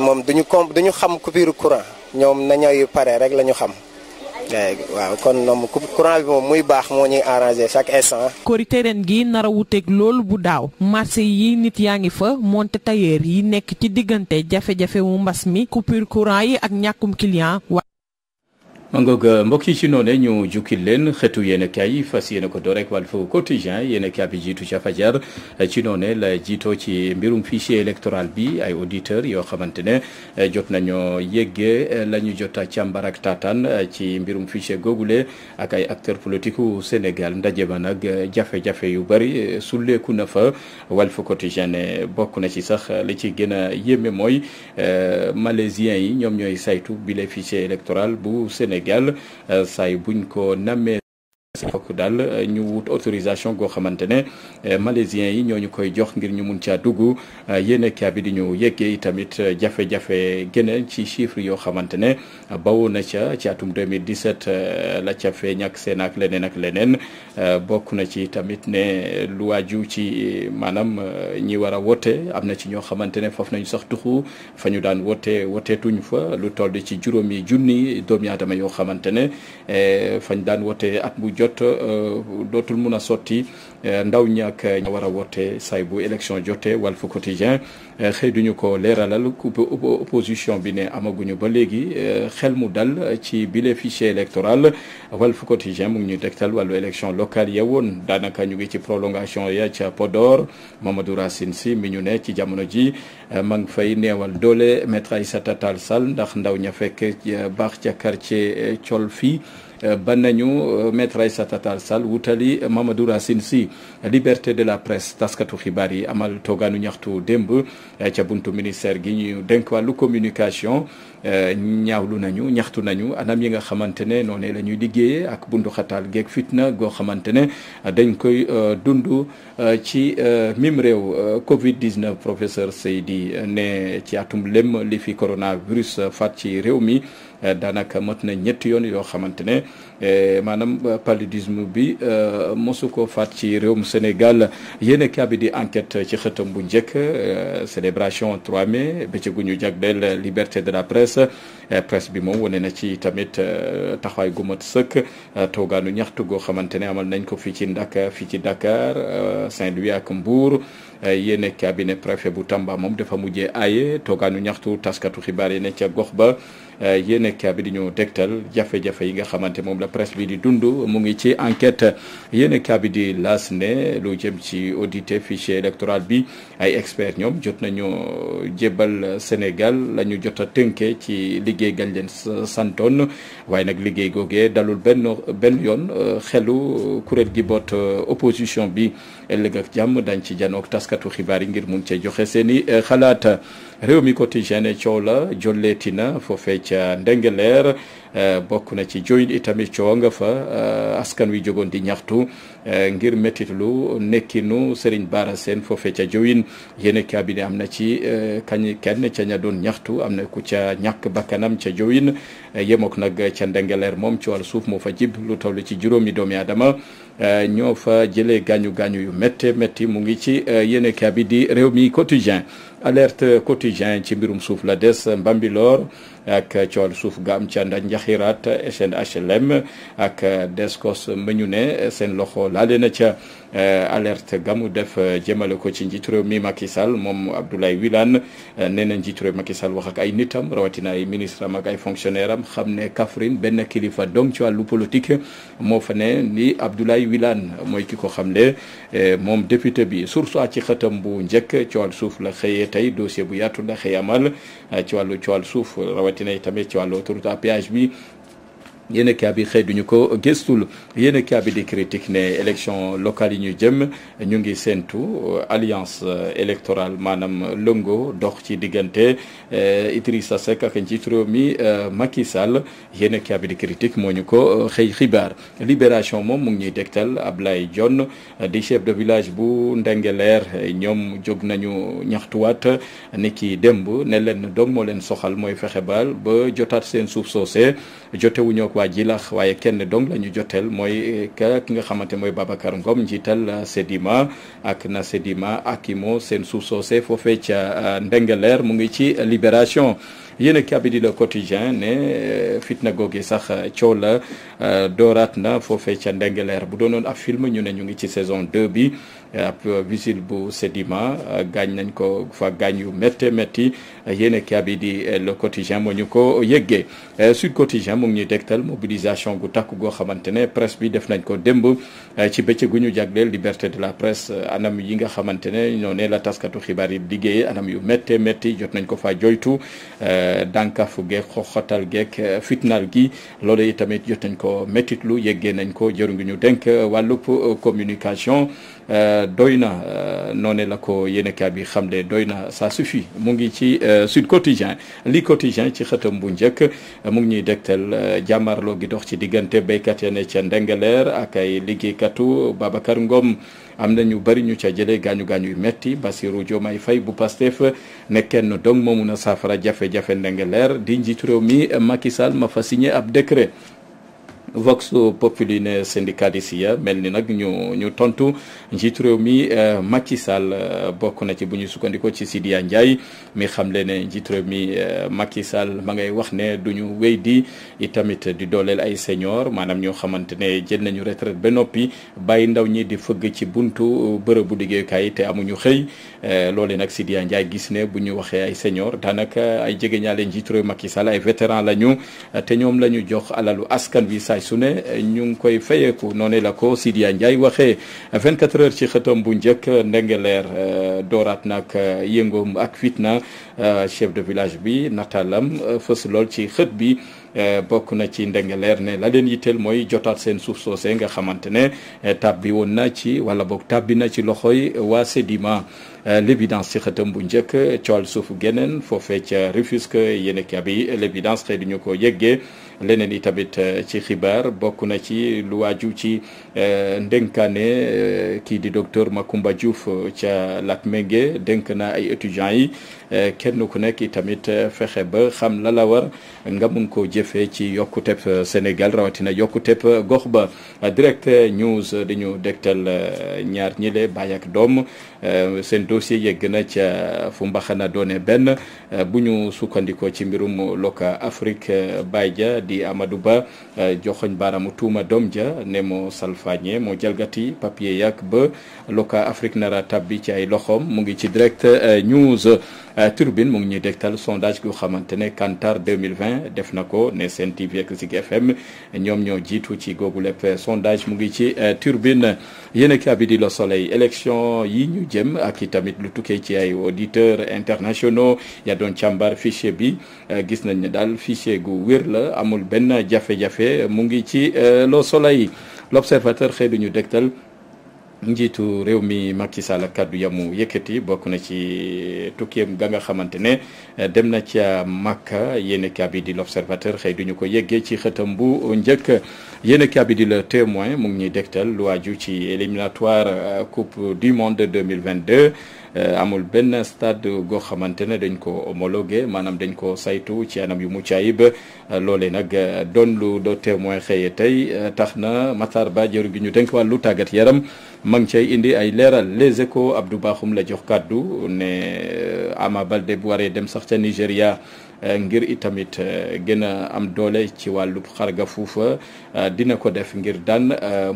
moom duñu comp duñu xam coupure courant ñoom nañuy pare rek la ñu xam waaw kon moom courant bi moom muy baax moo ñuy arrangé chaque instant. korite ren gi nar a wuteeg loolu bu daaw marché yi nit yaa ngi fa monte tailleur yi nekk ci diggante jafe-jafe wu mbas mi coupure courant yi ak ñàkkum client. ma ngoog euh, mbokk yi ci noonu ñu jukkil leen xeetu yéenekaay yi fas yéene ko wal rek Walf Quotidien yéenekaay bi jiitu ca fajar euh, ci noone la jiitoo ci mbirum fichier électoral bi ay auditeurs yoo xamante ne euh, jot nañoo yëggee la ñu jot a càmbar ci mbirum fichier googule ak ay acteurs politiques Sénégal ndaje ba nag jafe-jafe yu bari sulleeku na fa Walf Quotidien ne bokk na ci sax li ci gën a yéeme mooy malaisiens yi ñoom ñooy saytu bile fichier électoral bu Sénégal. Sénégal euh, saay buñ ko nammee si fokk daal euh, ñu wut autorisation goo xamante ne euh, malaisiens yi ñoo ñu koy jox ngir ñu mun caa dugg euh, yéen kaa bi di ñu yeggee tamit jafe-jafe gëneen ci chiffre yoo xamante ne bawoo na ca ci atum 2017 la ca feeñ ak seen leneen ak leneen bokk na ci tamit ne lu waaju ci maanaam ñi war a wote am na ci ñoo xamante ne foofu nañu sax tuxu fa ñu daan wote woteetuñ fa lu toll ci juróomi junni doomi aadama yoo xamante ne fañ daan wote at bu jot euh, dootul mun a sotti euh, ndaw ñi ak war a wote say bu élection jotee Walf Quotidien xëy duñu ko leeralal ku opposition bi ne amaguñu ba léegi euh, xel mu dal ci bile fichier électoral Walf Quotidien mu ngi ñu tegtal wàllu élection locale ya woon daanaka ñu ngi ci prolongation ya ca Podor Mamadou Racine mi ñu ne ci jamono ji euh, ma ngi fay neewal doole Maître Aïssata Tall Sall ndax ndaw ña fekk euh, baax ca quartier col fii ba nañu Maître Aïssata Tall Sall wutali Mamadou Racine liberté de la presse taskatu xibaar yi amal toogaanu ñaxtu démb Eh, ca buntu ministère gi ñu dénk wàllu communication eh, ñaawlu nañu ñaxtu nañu anam yi nga xamante ne noonu la ñuy ak buntu xataal geeg fitna goo xamante ne eh, dañ koy dund ci mim réew Covid 19 professeur Seydi ne ci atum lem li fi coronavirus faat ci réew mi. Euh, daanaka mot na ñetti yoon yoo xamante ne euh, maanaam euh, paludisme bi mosu ko faat ci réewum Sénégal yéen a kaabi di enquête ci xëtam bu njëkk célébration 3 mai bëccëgu ñu jagleel liberté de la presse presse bi moom wane na ci tamit taxawaay gu mat sëkk toogaanu ñaxtu goo xamante ne amal nañ ko fii ci Ndaka fii ci Dakar Saint-Louis ak Mbour yéen a kaabi ne préfet bu Tamba moom dafa mujjee aaye toogaanu ñaxtu taskatu xibaar yi ne ca gox ba. Euh, yéenekaay bi di ñu degtal jafe-jafe yi nga xamante moom la presse bi di dundu mu ngi ci enquête yéenekaay bi di laas ne lu jëm ci audité fichier électoral bi ay experts ñoom jot nañu jébbal Sénégal la ñu jot a ci liggéey gañ leen santoon waaye nag liggéey googee dalul benn benn yoon euh, xelu kuréel gi boot euh, opposition bi ëllëg ak jàmm dañ ci janook taskatu xibaar yi ngir mun cee joxe seen i xalaat réew mi quotidien coow la jolleeti na foofee ca Ndengeleer eh, bokk na ci joyin itamit coow nga fa eh, askan wi jogoon di ñaxtu eh, ngir métitlu nekkinu Serigne Bara Sène foofe ca joyin yéen cabinet am na ci kañ kenn ca ña doon ñaxtu am na ku ca ñàkk bakkanam ca joyin yemook nag ca Ndengeleer moom ci wàllu suuf moo fa jib lu tollu ci juróomi doomi aadama ñoo fa jëlee gaañu gaañu yu métte métti mu ngi ci yéen cabinet di réew mi quotidien alerte quotidien ci mbirum suuf la des Mbambilor ak cool suuf ga am ca ndax njaxiraat SN HLM ak Descos meñu ne seen loxo laale na ca eh, alerte gamu def eh, jëmale ko ci njiitu réew mi Macky Sall moom Abdoulaye Wilane eh, nee na njiitu réew Macky Sall wax ay nitam rawatina ay ministre am ak ay fonctionnaire am xam ne kafrin benn kilifa dong ci wàllu politique moo fa ne ni Abdoulaye Wilane mooy ki ko xam ne moom député bi sursoit ci xëtam bu njëkk cool suuf la xëyee tey dossier bu yaatu ndax xëy amal euh, ci wàllu ci wàllu suuf rawatina tamit ci wàllu autoroute à bi yéen kaa bi xëy duñu ko gëstul yéen kaa bi di critique ne élection locale yi ñu jëm ñu ngi séentu euh, alliance euh, électorale maanaam lëngo dox ci diggante euh, Idrissa Seck ak ci réew mi Macky Sall yéen kaa bi di critique moo ñu ko xëy xibaar libération moom mu ngi ñuy dégtal Ablaye John di chef de village bu Ndengeleer ñoom jóg nañu ñaxtuwaat ni ki démb ne leen dong moo leen soxal mooy fexe baal ba jotaat seen suuf soose jotewuñoo ko waa Jilax waaye kenn donc la joteel mooy eh, ki nga xamante mooy Babacar Ngom njiital eh, Sedima ak na Sedima moo seen suuf soose foofee ca eh, Ndengeleer mu ngi ci Libération. yéen a kabi di le quotidien ne euh, fitna googi sax euh, coow la euh, dooraat na foofee ca ndengeleer bu doonoon ab film ñu ne ñu ngi ci saison 2 bi ab visil bu Sedima gaañ nañ ko fa gaañ yu métte métti yéen a kabi di le quotidien moo ñu ko yëggee Sud Quotidien mu ngi ñuy dégtal mobilisation gu takk goo xamante ne presse bi def nañ ko démb ci bëccëgu ñu ñu jagleel liberté de la presse anam yi nga xamante ne ñoo ne la taskatu xibaar yi liggéey anam yu métte métti jot nañ ko faa joytu dànkafu geeg xoxatal geeg euh, fitnaal gi loolu itamit jot nañ ko métitlu yeggee nañ ko jëru ngi ñu dénk euh, wàllub euh, communication doy na noone la ko yéenekaay bi xamle doy na ça suffit mu ngi ci Sud Quotidien li Quotidien ci xëtam bu njëkk mu ngi ñuy dégtal jàmmarloo gi dox ci diggante béykat ya ne ca Ndengeleer ak ay liggéeykatu Babacar Ngom am na ñu bëri ñu ca jëlee gaañu gaañu yu metti Bassirou Diomaye fay bu Pastef ne kenn dong moo mun a saafara jafe-jafe ndenge leer di njiitu réew mi ma fa signé ab décret Vox Populi ne syndicaliste ya mel ni nag ñu ñu tontu njiitu réew mi euh, Macky Sall euh, bokk na ci bu ñu sukkandikoo ci Sidiya Ndiaye mi xam le ne njiitu réew mi euh, Macky Sall ma ngay wax ne du ñu wéy di itamit di dooleel ay senior maanaam ñoo xamante ne jël nañu retraite ba noppi bàyyi ndaw ñi di fëgg ci buntu bërëbu liggéeyukaay te amuñu xëy loole nag Sidiya Ndiaye gis ne bu ñu waxee ay senior daanaka ay jegeñaale njiitu réew Macky Sall ay vétéran la ñu te ñoom lañu ñu jox alalu saay su ne ñu ngi koy fayeeku noonu la ko Sidia Ndiaye waxee 24 heures ci xëtam bu njëkk ndengeleer euh, dooraat nag euh, yëngoom ak fitna euh, chef de village bi nataalam fës lool ci xët bi bokk na ci ndengeleer ne la leen yitteel mooy jotaat seen suuf soose nga xamante ne tàbbi woon na ci wala boog tàbbi na ci loxoy waa Sedima Euh, l'évidence si xëtam bu njëkk coowal suufu geneen foofe ca Rufisque yéen a bi l'évidence xëy duñu ko yëggee leneen i tamit euh, ci xibaar bokk na ci lu waaju ci euh, ndénkaane kii di docteur Macoumba Diouf ca Latmingué dénk na ay étudiants yi kenn ku nekk i tamit fexe ba xam la la war nga mun koo jëfee ci yokkute Sénégal rawatina yokkuteb gox ba direct news dañu dégtal ñaar ñile baay ak doom seen dossier yegg na ca fu na doone benn euh, bu ñu sukkandikoo ci mbirum loka Afrique euh, baay ja di amadu Ba euh, joxoñ baaraamu tuuma doom ja ne moo salfaañe moo jalgati papier yàq ba loka Afrique nara tabbi ci ay loxoom mu ngi ci direct news. Euh, Turbine mu ngi ñuy dégtal sondage gu xamante ne Kantar 2020 def na ko ne Sen TV ak Zik FM ñoom ñoo jiitu ci googu lépp sondage mu ngi ci euh, Turbine yéen a kii bi di Le Soleil élection yi ñu jëm ak i tamit lu tukkee ci ay auditeurs internationaux ya doon càmbar fichier bi euh, gis nañ ne daal fichier gu wér la amul benn jafe-jafe mu ngi ci Le Soleil l'observateur xëy du ñu dégtal. njiitu réew mi Macky Sall kàddu yamu yëkkati bokk na ci tukkeem ga nga xamante ne eh, dem na ca Makka yéenekaay bi di l'Observateur xëy duñu ko yëggee ci xëtam bu njëkk yenn bi di Le Témoin mu ngi ñuy dégtal lu waaju ci éliminatoire eh, coupe du monde 2022 Eh, amul benn stade goo xamante ne dañ ko homologué maanaam dañ ko saytu ci anam yu mucc ayib eh, loolee nag eh, doon lu do témoin xëye tey tax na Matar Ba jëru gi ñu dénk wàllu tàggat yaram ma ngi cay indi ay leeral les échos Abdou baaxum la jox kàddu ne Ama Baldé bu waree dem sax ca Nigéria Eh, ngir itamit eh, gën a am doole ci wàllub xarga fuufa eh, dina ko def ngir daan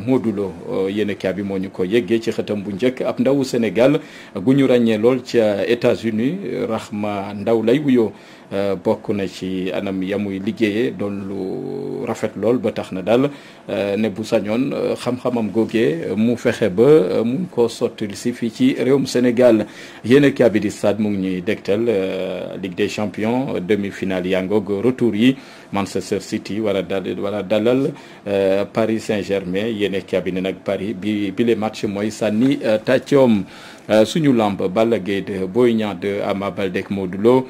Modou Lo yéen bi moo ñu ko yeggee ci xëtam bu njëkk ab ndawu Sénégal gu ñu ràññee lool ci États-Unis Rahma Ndaw lay yoo Euh, bokk na ci anam yamuy liggéeyee doon lu rafet lool ba tax na daal euh, ne bu sañoon euh, xam-xamam googee mu fexe ba mun koo sottil si fii ci réewum Sénégal yéen a kaabidi stade mu ngi ñuy dégtal Ligue des champion demi-finale yaa ngoog retour yi Manchester City war a dal war a dalal euh, Paris Saint-Germain yéen cabinet nag Paris bi bi le match mooy sànni euh, tàccoom euh, suñu lamb Balla Gaye 2 Boy Niang 2 Ama Baldé ak Modou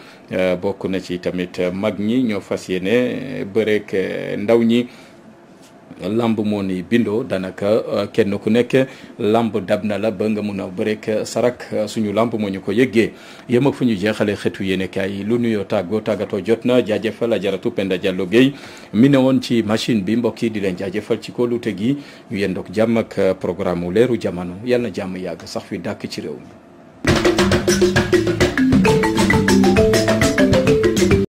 bokk na ci tamit mag ñi ñoo fas yéene bëreek ndaw ñi. lamb moo ni bindoo danaka euh, kenn ku nekk làmb dab na la ba nga mun a bëreek euh, sarak euh, suñu lamb moo ñu ko yëggee yem ak fu ñu jeexalee xetu yéenekaay yi lu nuyoo tàggoo tàggatoo jot na jaajëfal jaratu Penda Diallo Guèye mu ne woon ci machine bi mbokk yi di leen jaajëfal ci kóolute gi ñu yendoog jàmm ak programme leeru jamono yàlla jàmm yàgg sax fi dàkk ci réew mi